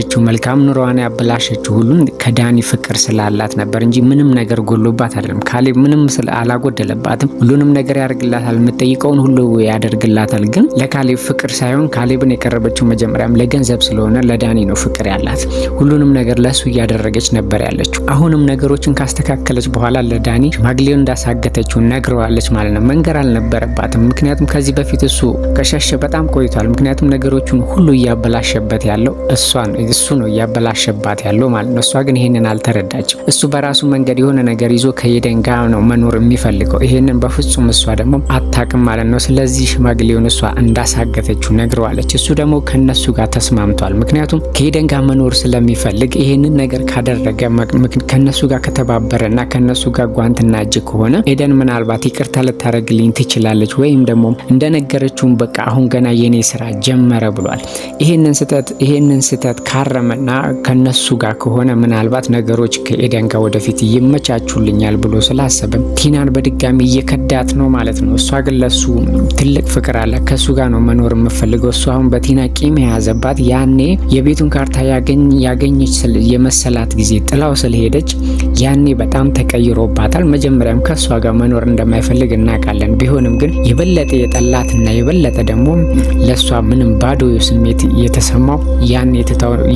ያበላሸችው መልካም ኑሮዋን ያበላሸችው ሁሉም ከዳኒ ፍቅር ስላላት ነበር እንጂ ምንም ነገር ጎሎባት አይደለም። ካሌብ ምንም አላጎደለባትም። ሁሉንም ነገር ያደርግላታል። የምትጠይቀውን ሁሉ ያደርግላታል። ግን ለካሌብ ፍቅር ሳይሆን ካሌብን የቀረበችው መጀመሪያም ለገንዘብ ስለሆነ ለዳኒ ነው ፍቅር ያላት። ሁሉንም ነገር ለሱ እያደረገች ነበር ያለችው። አሁንም ነገሮችን ካስተካከለች በኋላ ለዳኒ ሽማግሌው እንዳሳገተችው ነግረዋለች ማለት ነው። መንገር አልነበረባትም። ምክንያቱም ከዚህ በፊት እሱ ከሸሸ በጣም ቆይቷል። ምክንያቱም ነገሮቹን ሁሉ እያበላሸበት ያለው እሷን እሱ ነው እያበላሸባት ያለው ማለት ነው። እሷ ግን ይሄንን አልተረዳችም። እሱ በራሱ መንገድ የሆነ ነገር ይዞ ከሄደን ጋር ነው መኖር የሚፈልገው። ይሄንን በፍጹም እሷ ደግሞ አታቅም ማለት ነው። ስለዚህ ሽማግሌውን እሷ እንዳሳገተችው ነግረዋለች። እሱ ደግሞ ከነሱ ጋር ተስማምቷል። ምክንያቱም ከሄደን ጋር መኖር ስለሚፈልግ ይሄንን ነገር ካደረገ ከነሱ ጋር ከተባበረና ከነሱ ጋር ጓንትና እጅ ከሆነ ኤደን ምናልባት ይቅርታ ልታደረግልኝ ትችላለች ወይም ደግሞ እንደነገረችውን በቃ አሁን ገና የኔ ስራ ጀመረ ብሏል። ይሄንን ስህተት ካ ስህተት ከታረመና ከነሱ ጋር ከሆነ ምናልባት ነገሮች ከኤደን ጋር ወደፊት ይመቻቹልኛል ብሎ ስላሰበ ቲናን በድጋሚ እየከዳት ነው ማለት ነው። እሷ ግን ለሱ ትልቅ ፍቅር አለ። ከእሱ ጋር ነው መኖር የምፈልገው። እሱ አሁን በቲና ቂም የያዘባት ያኔ የቤቱን ካርታ ያገኘች የመሰላት ጊዜ ጥላው ስለሄደች ያኔ በጣም ተቀይሮባታል። መጀመሪያም ከእሷ ጋር መኖር እንደማይፈልግ እናውቃለን። ቢሆንም ግን የበለጠ የጠላትና የበለጠ ደግሞ ለእሷ ምንም ባዶ ስሜት የተሰማው ያኔ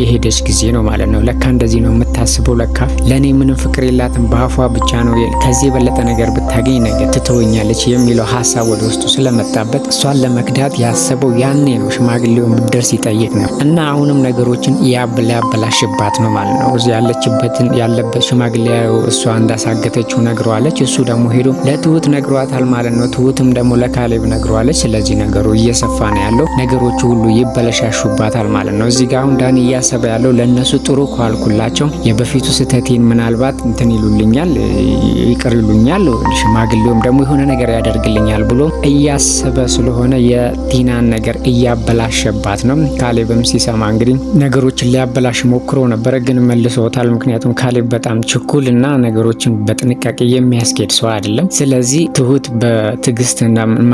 የሄደች ጊዜ ነው ማለት ነው። ለካ እንደዚህ ነው የምታስበው፣ ለካ ለእኔ ምንም ፍቅር የላትም በአፏ ብቻ ነው፣ ከዚህ የበለጠ ነገር ብታገኝ ነገር ትተወኛለች የሚለው ሀሳብ ወደ ውስጡ ስለመጣበት እሷን ለመክዳት ያሰበው ያኔ ነው። ሽማግሌውን ብድር ሲጠይቅ ነው እና አሁንም ነገሮችን ያበላሽባት ነው ማለት ነው። እዚ ያለችበትን ያለበት ሽማግሌው እሷ እንዳሳገተችው ነግረዋለች። እሱ ደግሞ ሄዶ ለትሁት ነግሯታል ማለት ነው። ትሁትም ደግሞ ለካሌብ ነግረዋለች። ስለዚህ ነገሩ እየሰፋ ነው ያለው። ነገሮቹ ሁሉ ይበለሻሹባታል ማለት ነው። እዚህ ጋር አሁን ዳኒ እያሰበ ያለው ለእነሱ ጥሩ ከዋልኩላቸው የበፊቱ ስህተቴን ምናልባት እንትን ይሉልኛል፣ ይቅር ይሉኛል፣ ሽማግሌውም ደግሞ የሆነ ነገር ያደርግልኛል ብሎ እያሰበ ስለሆነ የቲናን ነገር እያበላሸባት ነው። ካሌብም ሲሰማ እንግዲህ ነገሮችን ሊያበላሽ ሞክሮ ነበረ፣ ግን መልሶታል። ምክንያቱም ካሌብ በጣም ችኩል እና ነገሮችን በጥንቃቄ የሚያስኬድ ሰው አይደለም። ስለዚህ ትሁት በትዕግስት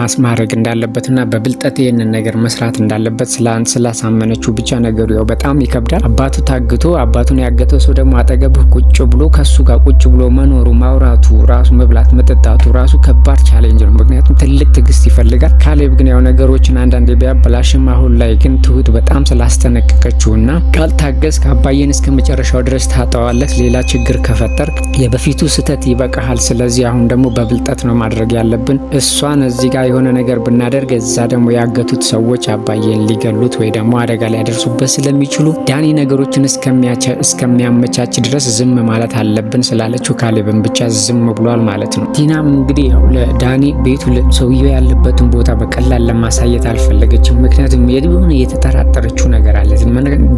ማስማረግ እንዳለበትና በብልጠት ይህንን ነገር መስራት እንዳለበት ስላሳመነችው ብቻ ነገሩ ያው በጣም ይከብዳል። አባቱ ታግቶ አባቱን ያገተው ሰው ደግሞ አጠገብህ ቁጭ ብሎ ከሱ ጋር ቁጭ ብሎ መኖሩ ማውራቱ ራሱ መብላት መጠጣቱ ራሱ ከባድ ቻሌንጅ ነው። ምክንያቱም ትልቅ ትግስት ይፈልጋል። ካሌብ ግን ያው ነገሮችን አንዳንዴ ቢያበላሽም አሁን ላይ ግን ትሁት በጣም ስላስጠነቀቀችውና ካልታገስክ አባዬን እስከ መጨረሻው ድረስ ታጠዋለህ፣ ሌላ ችግር ከፈጠር የበፊቱ ስህተት ይበቃሃል። ስለዚህ አሁን ደግሞ በብልጠት ነው ማድረግ ያለብን። እሷን እዚህ ጋር የሆነ ነገር ብናደርግ እዛ ደግሞ ያገቱት ሰዎች አባዬን ሊገሉት ወይ ደግሞ አደጋ ሊያደርሱበት ስለሚችሉ ዳኒ ነገሮችን እስከሚያመቻች ድረስ ዝም ማለት አለብን ስላለችው ካሌብን ብቻ ዝም ብሏል ማለት ነው። ቲናም እንግዲህ ያው ለዳኒ ቤቱ ሰውየው ያለበትን ቦታ በቀላል ለማሳየት አልፈለገችም። ምክንያቱም የሆነ የተጠራጠረችው ነገር አለ።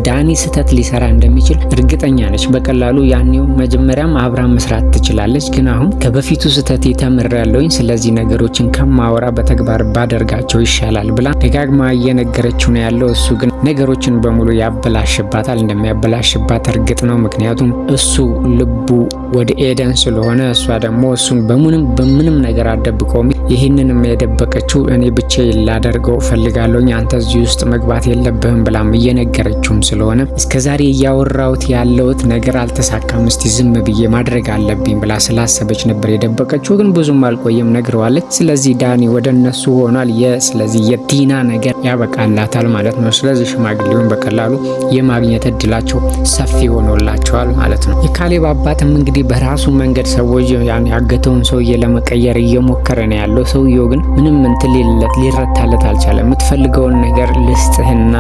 ዳኒ ስህተት ሊሰራ እንደሚችል እርግጠኛ ነች። በቀላሉ ያኔው መጀመሪያም አብራ መስራት ትችላለች። ግን አሁን ከበፊቱ ስህተት ተምሬያለሁኝ፣ ስለዚህ ነገሮችን ከማወራ በተግባር ባደርጋቸው ይሻላል ብላ ደጋግማ እየነገረችው ነው ያለው። እሱ ግን ነገሮችን በሙሉ ያበላሽ ያበላሽባታል። እንደሚያበላሽባት እርግጥ ነው። ምክንያቱም እሱ ልቡ ወደ ኤደን ስለሆነ እሷ ደግሞ እሱን በምንም በምንም ነገር አደብቀውም። ይህንንም የደበቀችው እኔ ብቻ ላደርገው ፈልጋለሁኝ አንተ እዚህ ውስጥ መግባት የለብህም ብላም እየነገረችውም ስለሆነ እስከዛሬ እያወራሁት ያለውት ነገር አልተሳካም፣ እስቲ ዝም ብዬ ማድረግ አለብኝ ብላ ስላሰበች ነበር የደበቀችው። ግን ብዙም አልቆየም ነግረዋለች። ስለዚህ ዳኒ ወደ እነሱ ሆኗል። ስለዚህ የቲና ነገር ያበቃላታል ማለት ነው። ስለዚህ ሽማግሌውን በቀላሉ የማግኘት እድላቸው ሰፊ ሆኖላቸዋል ማለት ነው። የካሌብ አባትም እንግዲህ በራሱ መንገድ ሰዎች ያገተውን ሰውዬ ለመቀየር እየሞከረ ነው ያለው። ሰውየው ግን ምንም እንትን ሌለት ሊረታለት አልቻለም። የምትፈልገውን ነገር ልስጥህና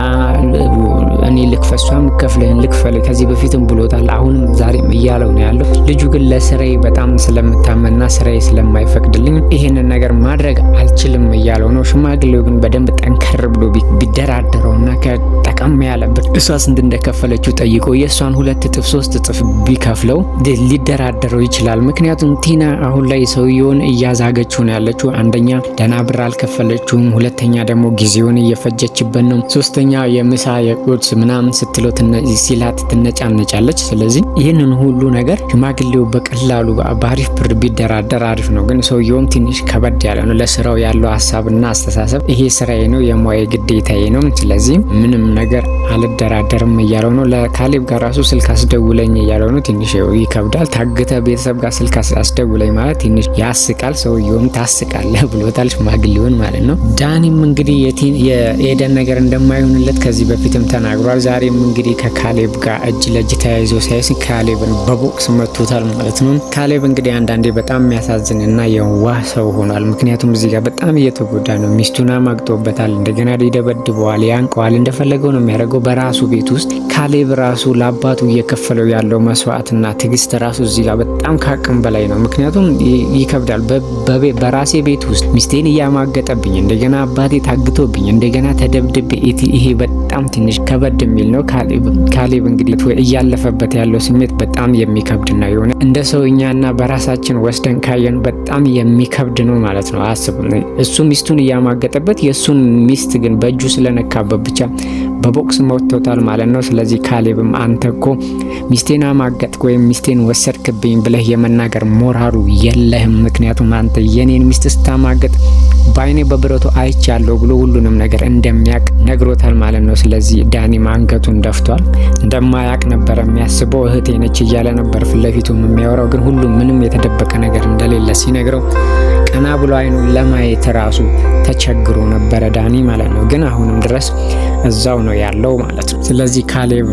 እኔ ልክፈሷ ምከፍልህን ልክፈል ከዚህ በፊትም ብሎታል፣ አሁንም ዛሬም እያለው ነው ያለው። ልጁ ግን ለስራዬ በጣም ስለምታመንና ስራዬ ስለማይፈቅድልኝ ይህንን ነገር ማድረግ አልችልም እያለው ነው። ሽማግሌው ግን በደንብ ጠንከር ብሎ ቢደራደረውና ከጠቀም ያለበት እሷስ ስንት እንደከፈለችው ጠይቆ የእሷን ሁለት እጥፍ ሶስት እጥፍ ቢከፍለው ሊደራደረው ይችላል። ምክንያቱም ቲና አሁን ላይ ሰውየውን እያዛገችው ነው ያለችው። አንደኛ ደህና ብር አልከፈለችውም፣ ሁለተኛ ደግሞ ጊዜውን እየፈጀችበት ነው፣ ሶስተኛ የምሳ የቁርስ ምናምን ስትለው ሲላት ትነጫነጫለች። ስለዚህ ይህንን ሁሉ ነገር ሽማግሌው በቀላሉ በአሪፍ ብር ቢደራደር አሪፍ ነው። ግን ሰውየውም ትንሽ ከበድ ያለ ነው ለስራው ያለው ሀሳብና አስተሳሰብ ይሄ ስራዬ ነው የሙያ ግዴታዬ ነው፣ ስለዚህ ምንም ነገር አልደራደር አይቀርም እያለው ነው። ለካሌብ ጋር ራሱ ስልክ አስደውለኝ እያለው ነው። ትንሽ ይከብዳል። ታግተ ቤተሰብ ጋር ስልክ አስደውለኝ ማለት ትንሽ ያስቃል። ሰውየውም ታስቃለ ብሎታል፣ ሽማግሌውን ማለት ነው። ዳኒም እንግዲህ የኤደን ነገር እንደማይሆንለት ከዚህ በፊትም ተናግሯል። ዛሬም እንግዲህ ከካሌብ ጋር እጅ ለእጅ ተያይዞ ሳይስ ካሌብን በቦክስ መቶታል ማለት ነው። ካሌብ እንግዲህ አንዳንዴ በጣም የሚያሳዝን እና የዋህ ሰው ሆኗል። ምክንያቱም እዚህ ጋር በጣም እየተጎዳ ነው። ሚስቱን ማግጦበታል። እንደገና ይደበድበዋል፣ ያንቀዋል፣ እንደፈለገው ነው የሚያደርገው በራሱ ቤቱ ውስጥ ካሌብ ራሱ ለአባቱ እየከፈለው ያለው መስዋዕትና ትግስት ራሱ እዚህ ጋር በጣም ከአቅም በላይ ነው። ምክንያቱም ይከብዳል። በራሴ ቤት ውስጥ ሚስቴን እያማገጠብኝ እንደገና አባቴ ታግቶብኝ እንደገና ተደብድቤ ይሄ በጣም ትንሽ ከበድ የሚል ነው። ካሌብ እንግዲህ እያለፈበት ያለው ስሜት በጣም የሚከብድና የሆነ እንደ ሰውኛና በራሳችን ወስደን ካየን በጣም የሚከብድ ነው ማለት ነው። አስቡ፣ እሱ ሚስቱን እያማገጠበት የእሱን ሚስት ግን በእጁ ስለነካበት ብቻ በቦክስ ሞቶታል ማለት ነው። ስለዚህ ካሌብም አንተ እኮ ሚስቴን አማገጥክ ወይም ሚስቴን ወሰድክብኝ ብለህ የመናገር ሞራሉ የለህም። ምክንያቱም አንተ የኔን ሚስት ስታማገጥ በአይኔ በብረቱ አይቻለሁ ብሎ ሁሉንም ነገር እንደሚያቅ ነግሮታል ማለት ነው። ስለዚህ ዳኒም አንገቱን ደፍቷል። እንደማያቅ ነበር የሚያስበው። እህቴ ነች እያለ ነበር ፊት የሚያወራው፣ ግን ሁሉም ምንም የተደበቀ ነገር እንደሌለ ሲነግረው ቀና ብሎ አይኑ ለማየት ራሱ ተቸግሮ ነበረ ዳኒ ማለት ነው። ግን አሁንም ድረስ እዛው ነው ነው ያለው ማለት ነው። ስለዚህ ካሌብ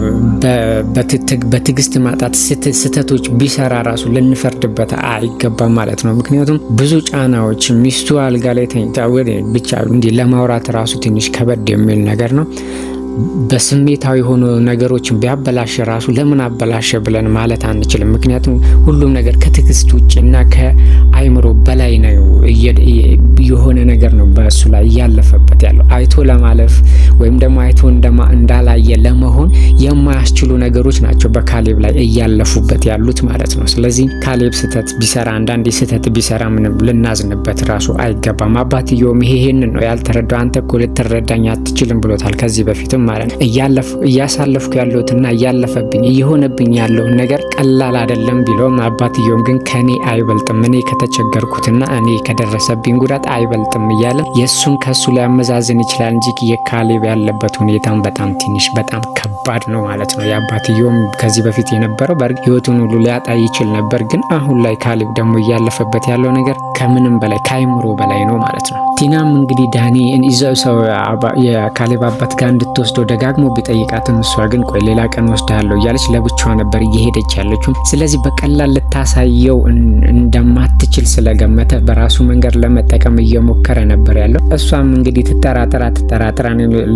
በትዕግስት ማጣት ስህተቶች ቢሰራ ራሱ ልንፈርድበት አይገባም ማለት ነው። ምክንያቱም ብዙ ጫናዎች ሚስቱ አልጋ ላይ ተኝታ ብቻ እንዲህ ለማውራት ራሱ ትንሽ ከበድ የሚል ነገር ነው። በስሜታዊ ሆኖ ነገሮችን ቢያበላሽ ራሱ ለምን አበላሸ ብለን ማለት አንችልም። ምክንያቱም ሁሉም ነገር ከትዕግስት ውጭ እና ከአይምሮ በላይ ነው የሆነ ነገር ነው በእሱ ላይ እያለፈበት ያለው። አይቶ ለማለፍ ወይም ደግሞ አይቶ እንዳላየ ለመሆን የማያስችሉ ነገሮች ናቸው በካሌብ ላይ እያለፉበት ያሉት ማለት ነው። ስለዚህ ካሌብ ስህተት ቢሰራ አንዳንዴ ስህተት ቢሰራ ምንም ልናዝንበት ራሱ አይገባም። አባትየውም ይሄንን ነው ያልተረዳው። አንተ እኮ ልትረዳኝ አትችልም ብሎታል ከዚህ በፊትም ማለት ነው። እያሳለፍኩ ያለሁትና እያለፈብኝ እየሆነብኝ ያለውን ነገር ቀላል አይደለም ቢለውም አባትየውም ግን ከኔ አይበልጥም እኔ ከተቸገርኩትና እኔ ከደረሰብኝ ጉዳት አይበልጥም እያለ የእሱን ከእሱ ሊያመዛዝን ይችላል እንጂ የካሌብ ያለበት ሁኔታም በጣም ትንሽ በጣም ከ ከባድ ነው ማለት ነው። የአባትየውም ከዚህ በፊት የነበረው በእርግ ህይወቱን ሁሉ ሊያጣ ይችል ነበር፣ ግን አሁን ላይ ካሌብ ደግሞ እያለፈበት ያለው ነገር ከምንም በላይ ከአይምሮ በላይ ነው ማለት ነው። ቲናም እንግዲህ ዳኒ ይዘው ሰው የካሌብ አባት ጋር እንድትወስደው ደጋግሞ ቢጠይቃትም እሷ ግን ቆይ ሌላ ቀን ወስዳለሁ እያለች ለብቻዋ ነበር እየሄደች ያለችው። ስለዚህ በቀላል ልታሳየው እንደማትችል ስለገመተ በራሱ መንገድ ለመጠቀም እየሞከረ ነበር ያለው። እሷም እንግዲህ ትጠራጠራ ትጠራጠራ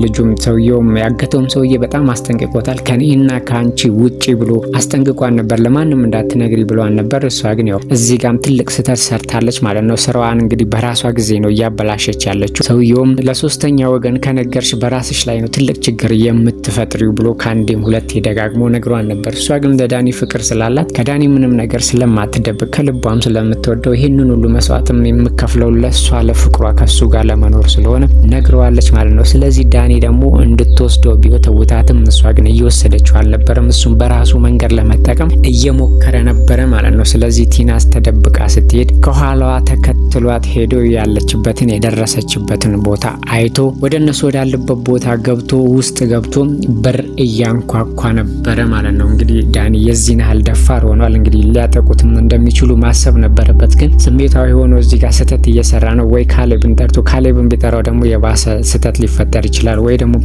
ልጁም ሰውየውም ያገተውም ሰውዬ በጣም አስጠንቀ አስጠንቅቆታል። ከኔና ከአንቺ ውጪ ብሎ አስጠንቅቋን ነበር። ለማንም እንዳትነግሪ ብሏን ነበር። እሷ ግን ያው እዚህ ጋም ትልቅ ስህተት ሰርታለች ማለት ነው። ስራዋን እንግዲህ በራሷ ጊዜ ነው እያበላሸች ያለችው። ሰውየውም ለሶስተኛ ወገን ከነገርሽ በራስሽ ላይ ነው ትልቅ ችግር የምትፈጥሪው ብሎ ከአንዴም ሁለቴ ደጋግሞ ነግሯን ነበር። እሷ ግን ለዳኒ ፍቅር ስላላት ከዳኒ ምንም ነገር ስለማትደብቅ ከልቧም ስለምትወደው ይህንን ሁሉ መስዋዕትም የምከፍለው ለእሷ ለፍቅሯ ከሱ ጋር ለመኖር ስለሆነ ነግረዋለች ማለት ነው። ስለዚህ ዳኒ ደግሞ እንድትወስደው ቢወተውታትም እሷ ግን እየወሰደችው አልነበረም። እሱም በራሱ መንገድ ለመጠቀም እየሞከረ ነበረ ማለት ነው። ስለዚህ ቲናስ ተደብቃ ስትሄድ ከኋላዋ ተከትሏት ሄዶ ያለችበትን የደረሰችበትን ቦታ አይቶ ወደ እነሱ ወዳለበት ቦታ ገብቶ ውስጥ ገብቶ በር እያንኳኳ ነበረ ማለት ነው። እንግዲህ ዳኒ የዚህን ያህል ደፋር ሆኗል። እንግዲህ ሊያጠቁትም እንደሚችሉ ማሰብ ነበረበት፣ ግን ስሜታዊ ሆኖ እዚህ ጋር ስህተት እየሰራ ነው ወይ ካሌብን ጠርቶ ካሌብን ቢጠራው ደግሞ የባሰ ስህተት ሊፈጠር ይችላል ወይ ደግሞ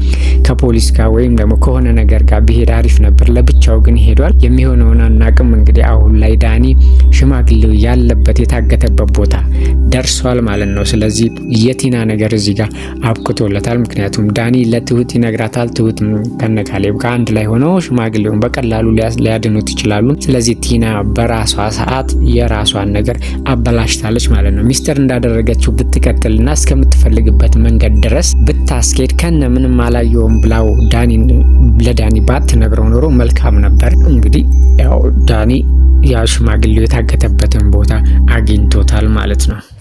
ከፖሊስ ጋር ወይም ደግሞ ከሆነ ነገር ጋር ብሄድ አሪፍ ነበር። ለብቻው ግን ሄዷል። የሚሆነውን አናቅም። እንግዲህ አሁን ላይ ዳኒ ሽማግሌው ያለበት የታገተበት ቦታ ደርሷል ማለት ነው። ስለዚህ የቲና ነገር እዚህ ጋር አብቅቶለታል። ምክንያቱም ዳኒ ለትሁት ይነግራታል። ትሁት ከነካሌብ ከአንድ ላይ ሆነው ሽማግሌውን በቀላሉ ሊያድኑት ይችላሉ። ስለዚህ ቲና በራሷ ሰዓት የራሷን ነገር አበላሽታለች ማለት ነው። ሚስጥር እንዳደረገችው ብትቀጥልና እስከምትፈልግበት መንገድ ድረስ ብታስኬድ ከነ ምንም አላየውም ብላው ዳኒ ለዳኒ ባትነግረው ኖሮ መልካም ነበር። እንግዲህ ያው ዳኒ ያ ሽማግሌው የታገተበትን ቦታ አግኝቶታል ማለት ነው።